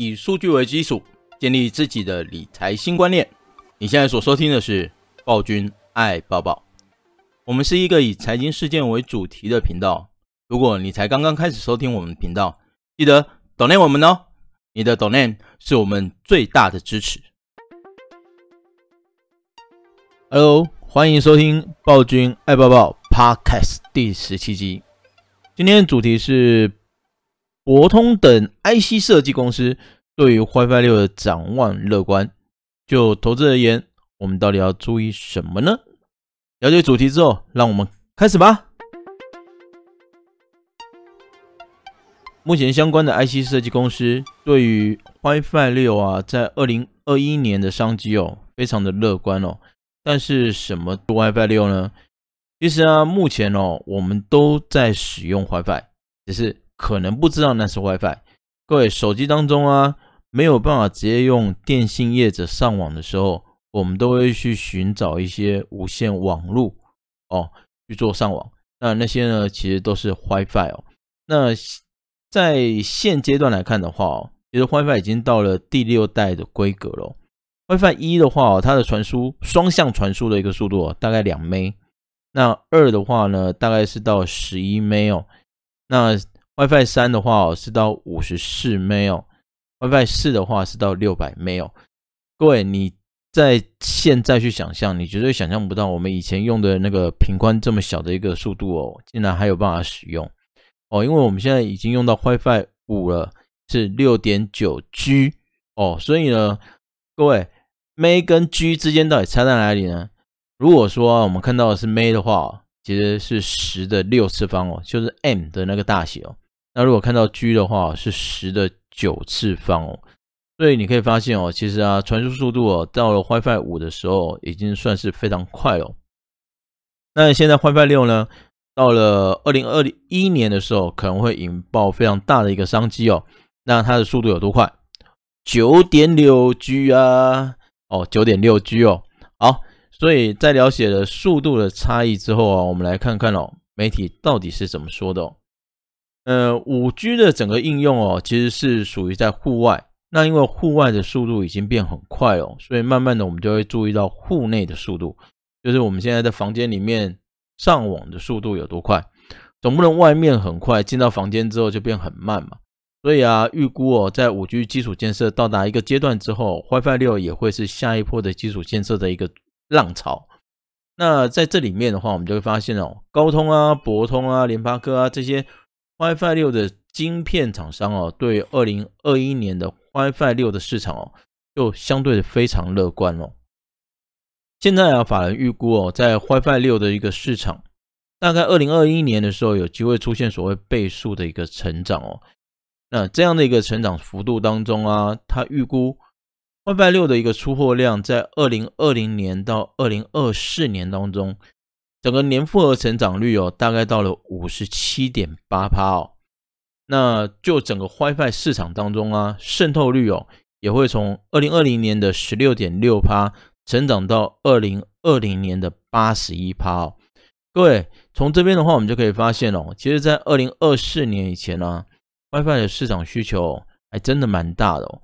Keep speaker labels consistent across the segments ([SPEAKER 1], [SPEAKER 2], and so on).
[SPEAKER 1] 以數據為基礎，建立自己的理財新觀念。你現在所收聽的是《暴君愛抱抱》，我們是一個以財經事件為主題的頻道。如果你才剛剛開始收聽我們頻道，記得 d o n a 我們哦，你的 d o n a 是我們最大的支持。Hello，歡迎收聽《暴君愛抱抱》Podcast 第十七集，今天主題是。博通等 IC 設計公司對於 WiFi 六的展望樂觀。就投資而言，我們到底要注意什麼呢？了解主題之後，讓我們開始吧。目前相關的 IC 設計公司對於 WiFi 六啊，在二零二一年的商機哦，非常的樂觀哦。但是什麼 WiFi 六呢？其實啊，目前哦，我們都在使用 WiFi，只是。可能不知道那是 WiFi。各位手機當中啊沒有辦法直接用電信業者上網的時候，我們都會去尋找一些無線網路哦去做上網。那那些呢，其實都是 WiFi 哦。那在現階段來看的話哦，其實 WiFi 已經到了第六代的規格了。WiFi 一的話，它的傳輸雙向傳輸的一個速度大概兩 M，那二的話呢，大概是到十一 M 哦，那。WiFi 三的、哦哦、WiFi 的話是到五十四，沒有；WiFi 四的話是到六百，沒有。各位，你在現在去想象，你絕對想象不到我們以前用的那個頻寬這麼小的一個速度哦，竟然還有辦法使用哦。因為我們現在已經用到 WiFi 五了，是六點九 G 哦。所以呢，各位，M 跟 G 之間到底差在哪裡呢？如果說、啊、我們看到的是 M 的話哦，其實是十的六次方哦，就是 M 的那個大寫哦。那如果看到 G 的話，是十的九次方哦，所以你可以發現哦，其實啊，傳輸速度哦，到了 WiFi 五的時候，已經算是非常快了哦。那現在 WiFi 六呢，到了二零二一年的時候，可能會引爆非常大的一個商機哦。那它的速度有多快？九點六 G 啊，哦，九點六 G 哦，好。所以在了解了速度的差異之後啊，我們來看看哦，媒體到底是怎麼說的哦。呃，5G 的整個應用哦，其實是屬於在戶外。那因為戶外的速度已經變很快哦，所以慢慢的我們就會注意到戶內的速度，就是我們現在的房間裡面上網的速度有多快。總不能外面很快，進到房間之後就變很慢嘛。所以啊，預估哦，在 5G 基礎建設到達一個階段之後，WiFi 6也會是下一波的基礎建設的一個浪潮。那在這裡面的話，我們就會發現哦，高通啊、博通啊、聯發科啊這些。WiFi 六的晶片廠商哦、啊，對二零二一年的 WiFi 六的市場哦、啊，就相對的非常樂觀哦。現在啊，法人預估哦，在 WiFi 六的一個市場，大概二零二一年的時候，有機會出現所謂倍數的一個成長哦。那這樣的一個成長幅度當中啊，他預估 WiFi 六的一個出貨量，在二零二零年到二零二四年當中，整個年複合成長率哦，大概到了五十七點八趴哦。那就整個 WiFi 市場當中啊，滲透率哦，也會從二零二零年的十六點六趴成長到二零二零年的八十一趴哦。各位，從這邊的話，我們就可以發現哦，其實，在二零二四年以前呢，啊，WiFi 的市場需求還真的蠻大的哦。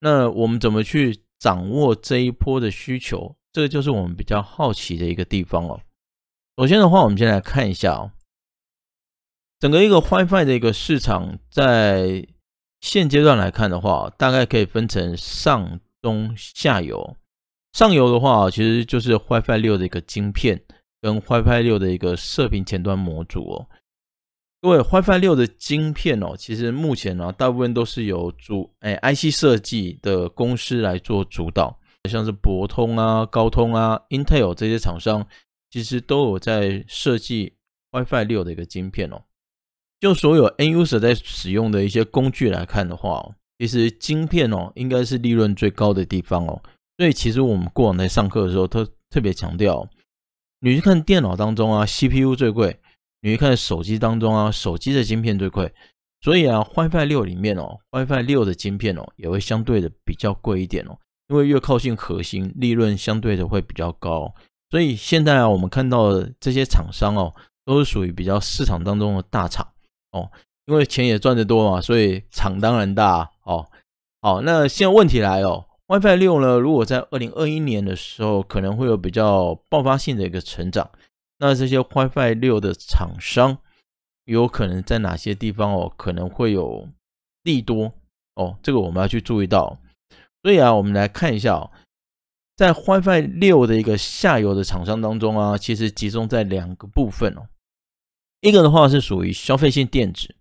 [SPEAKER 1] 那我們怎麼去掌握這一波的需求？這個就是我們比較好奇的一個地方哦。首先的話，我們先來看一下哦，整個一個 WiFi 的一個市場，在現階段來看的話，大概可以分成上中下游。上游的話，其實就是 WiFi 六的一個晶片跟 WiFi 六的一個射頻前端模組哦。各位，WiFi 六的晶片哦，其實目前呢，啊，大部分都是由主哎 IC 設計的公司來做主導，像是博通啊、高通啊、Intel 這些廠商。其實都有在設計 WiFi 六的一個晶片哦。就所有 NUS 在使用的一些工具來看的話哦，其實晶片哦應該是利潤最高的地方哦。所以其實我們過往在上課的時候，特特別強調哦，你去看電腦當中啊，CPU 最貴；你去看手機當中啊，手機的晶片最貴。所以啊，WiFi 六裡面哦，WiFi 六的晶片哦也會相對的比較貴一點哦，因為越靠近核心，利潤相對的會比較高。所以現在啊，我們看到的這些廠商哦，都是屬於比較市場當中的大廠哦，因為錢也賺得多嘛，所以廠當然大哦。好，那現在問題來了 WiFi 六呢，如果在二零二一年的時候可能會有比較爆發性的一個成長，那這些 WiFi 六的廠商有可能在哪些地方哦，可能會有利多哦，這個我們要去注意到。所以啊，我們來看一下哦。在 WiFi 六的一個下游的廠商當中啊，其實集中在兩個部分哦。一個的話是屬於消費性電子，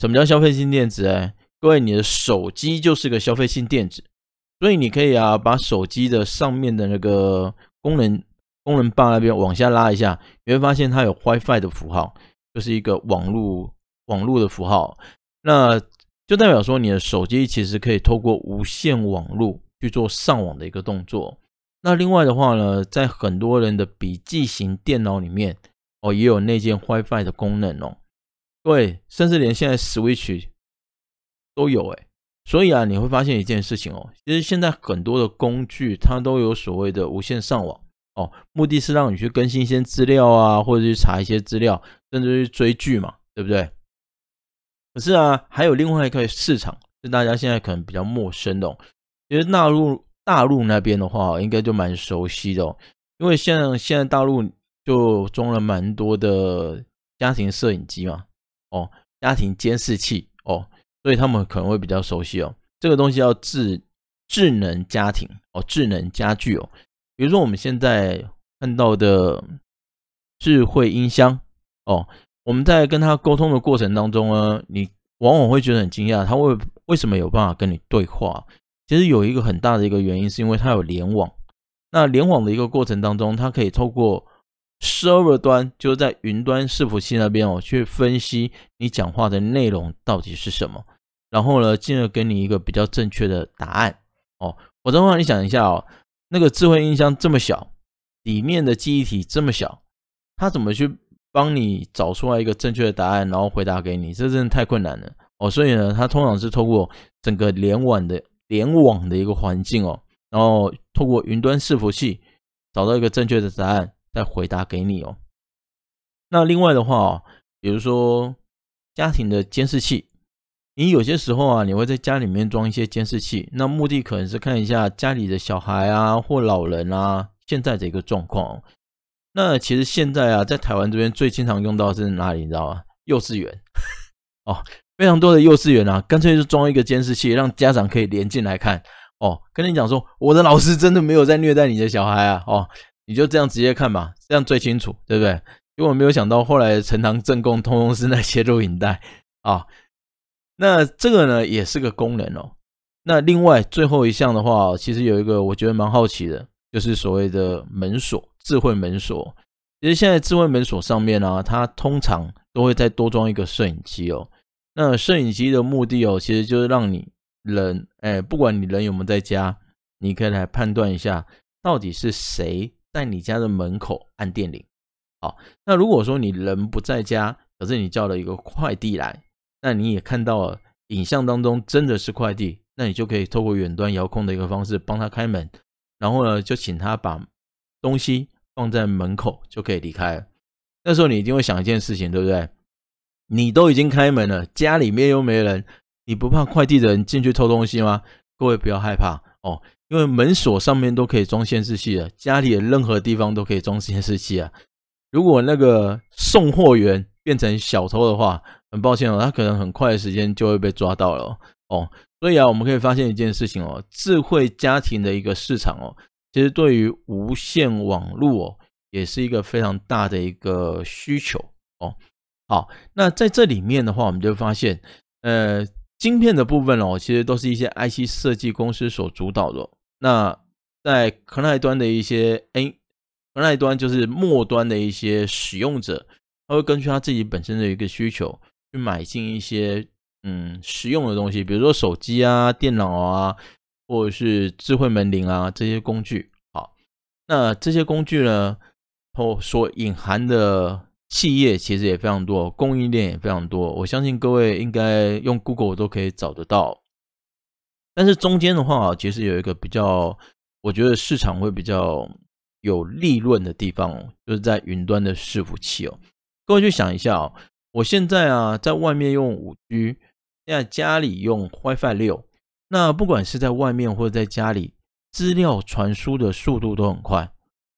[SPEAKER 1] 什麼叫消費性電子？哎，各位，你的手機就是個消費性電子，所以你可以啊，把手機的上面的那個功能功能棒那邊往下拉一下，你會發現它有 WiFi 的符號，就是一個網絡網絡的符號，那就代表說你的手機其實可以透過無線網絡。去做上網的一個動作。那另外的話呢，在很多人的筆記型電腦裡面，哦，也有內建 WiFi 的功能哦。對，甚至連現在 Switch 都有哎、欸。所以啊，你會發現一件事情哦，其實現在很多的工具它都有所謂的無線上網哦，目的是讓你去更新一些資料啊，或者去查一些資料，甚至去追劇嘛，對不對？可是啊，還有另外一個市場是大家現在可能比較陌生的哦。其實，大陸大陸那邊的話，應該就蠻熟悉的，哦，因為現現在大陸就裝了蠻多的家庭攝影機嘛，哦，家庭監視器哦，所以他們可能會比較熟悉哦。這個東西叫智智能家庭哦，智能家具哦，比如說我們現在看到的智慧音箱哦，我們在跟他溝通的過程當中呢，你往往會覺得很驚訝，他為為什麼有辦法跟你對話？其實有一個很大的一個原因，是因為它有聯網。那聯網的一個過程當中，它可以透過 server 端，就是在雲端伺服器那邊哦，去分析你講話的內容到底是什麼，然後呢，進而給你一個比較正確的答案哦。我等會你想一下哦，那個智慧音箱這麼小，裡面的記憶體這麼小，它怎麼去幫你找出來一個正確的答案，然後回答給你？這真的太困難了哦。所以呢，它通常是透過整個聯網的。聯網的一個環境哦，然後透過雲端伺服器找到一個正確的答案，再回答給你哦。那另外的話哦，比如說家庭的監視器，你有些時候啊，你會在家裡面裝一些監視器，那目的可能是看一下家裡的小孩啊，或老人啊，現在的一個狀況。那其實現在啊，在台灣這邊最經常用到的是哪裡，你知道嗎？幼稚園 哦。非常多的幼稚園啊，乾脆就裝一個監視器，讓家長可以連進來看哦。跟你講說，我的老師真的沒有在虐待你的小孩啊哦，你就這樣直接看吧，這樣最清楚，對不對？因為我沒有想到，後來成堂正供通通是那些錄影帶啊、哦。那這個呢，也是個功能哦。那另外最後一項的話，其實有一個我覺得蠻好奇的，就是所謂的門鎖智慧門鎖。其實現在智慧門鎖上面呢、啊，它通常都會再多裝一個攝影機哦。那攝影機的目的哦，其實就是讓你人，哎，不管你人有沒有在家，你可以來判斷一下，到底是誰在你家的門口按電鈴。好，那如果說你人不在家，可是你叫了一個快遞來，那你也看到了影像當中真的是快遞，那你就可以透過遠端遙控的一個方式幫他開門，然後呢，就請他把東西放在門口就可以離開了。那時候你一定會想一件事情，對不對？你都已經開門了，家裡面又沒人，你不怕快遞的人進去偷東西嗎？各位不要害怕哦，因為門鎖上面都可以裝監視器了，家裡的任何地方都可以裝監視器啊。如果那個送貨員變成小偷的話，很抱歉哦，他可能很快的時間就會被抓到了哦。所以啊，我們可以發現一件事情哦，智慧家庭的一個市場哦，其實對於無線網絡哦，也是一個非常大的一個需求哦。好，那在這裡面的話，我們就發現，呃，晶片的部分哦，其實都是一些 IC 設計公司所主導的哦。那在可耐端的一些，哎、欸，可耐端就是末端的一些使用者，他會根據他自己本身的一個需求，去買進一些嗯實用的東西，比如說手機啊、電腦啊，或者是智慧門鈴啊這些工具。好，那這些工具呢，後所隱含的。企業其實也非常多，供應鏈也非常多。我相信各位應該用 Google 都可以找得到。但是中間的話，其實有一個比較，我覺得市場會比較有利潤的地方，就是在雲端的伺服器哦。各位去想一下哦，我現在啊在外面用五 G，現在家裡用 Wi Fi 六，那不管是在外面或者在家裡，資料傳輸的速度都很快。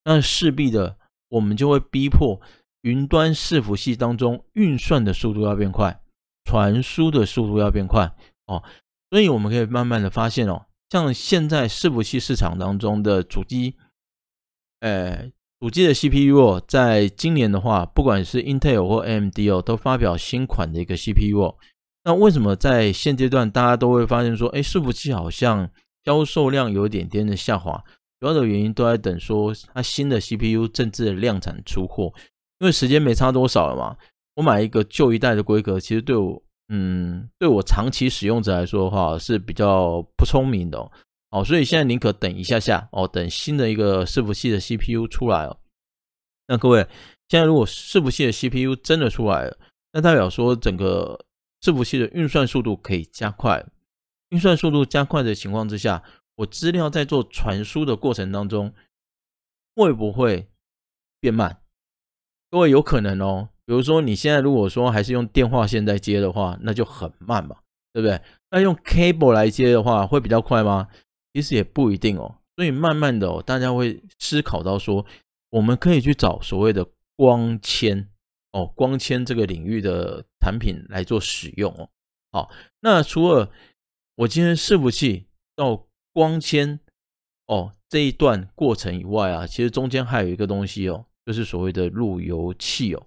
[SPEAKER 1] 那勢必的，我們就會逼迫。雲端伺服器當中運算的速度要變快，傳輸的速度要變快哦，所以我們可以慢慢的發現哦，像現在伺服器市場當中的主機，誒，呃，主機的 CPU 哦，在今年的話，不管是 Intel 或 AMD 哦，都發表新款的一個 CPU 哦。那為什麼在現階段大家都會發現說，誒，伺服器好像銷售量有點點的下滑？主要的原因都在等說它新的 CPU 正式量產出貨。因為時間沒差多少了嘛，我買一個舊一代的規格，其實對我，嗯，對我長期使用者來說的話是比較不聰明的哦。哦，所以現在寧可等一下下哦，等新的一個伺服器的 CPU 出來哦。那各位，現在如果伺服器的 CPU 真的出來了，那代表說整個伺服器的運算速度可以加快。運算速度加快的情況之下，我資料在做傳輸的過程當中會不會變慢？各位有可能哦，比如說你現在如果說還是用電話線在接的話，那就很慢嘛，對不對？那用 cable 來接的話，會比較快嗎？其實也不一定哦。所以慢慢的哦，大家會思考到說，我們可以去找所謂的光纖哦，光纖這個領域的產品來做使用哦。好，那除了我今天伺服器到光纖哦，這一段過程以外啊，其實中間還有一個東西哦。就是所謂的路由器哦，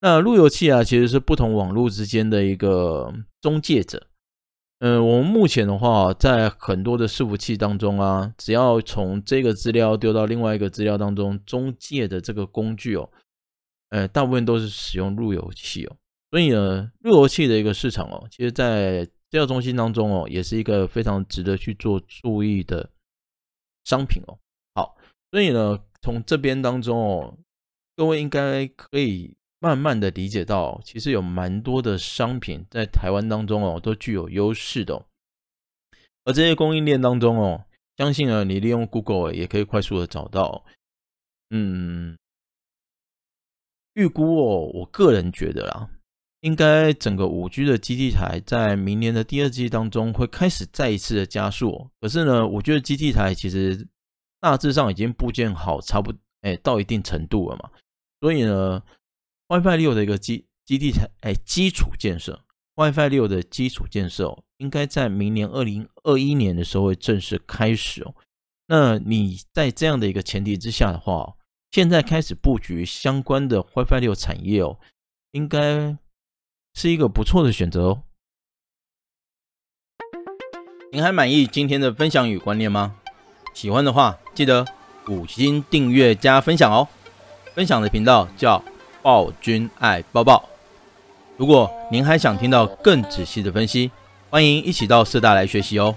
[SPEAKER 1] 那路由器啊，其實是不同網絡之間的一個中介者。嗯，我們目前的話，在很多的伺服器當中啊，只要從這個資料丟到另外一個資料當中，中介的這個工具哦，呃，大部分都是使用路由器哦。所以呢，路由器的一個市場哦，其實在資料中心當中哦，也是一個非常值得去做注意的商品哦。好，所以呢。從這邊當中哦，各位應該可以慢慢的理解到，其實有蠻多的商品在台灣當中哦，都具有優勢的哦。而這些供應鏈當中哦，相信呢，你利用 Google 也可以快速的找到。嗯，預估哦，我個人覺得啦，應該整個五 G 的基地台在明年的第二季當中會開始再一次的加速哦。可是呢，我覺得基地台其實。大致上已經佈建好差不哎到一定程度了嘛，所以呢，WiFi 六的一個基基地哎基礎建設，WiFi 六的基礎建設哦，應該在明年二零二一年的時候會正式開始哦。那你在這樣的一個前提之下的話，現在開始布局相關的 WiFi 六產業哦，應該是一個不錯的選擇哦。您還滿意今天的分享與觀念嗎？喜歡的話，記得五星訂閱加分享哦。分享的頻道叫暴君愛抱抱。如果您還想聽到更仔細的分析，歡迎一起到社大來學習哦。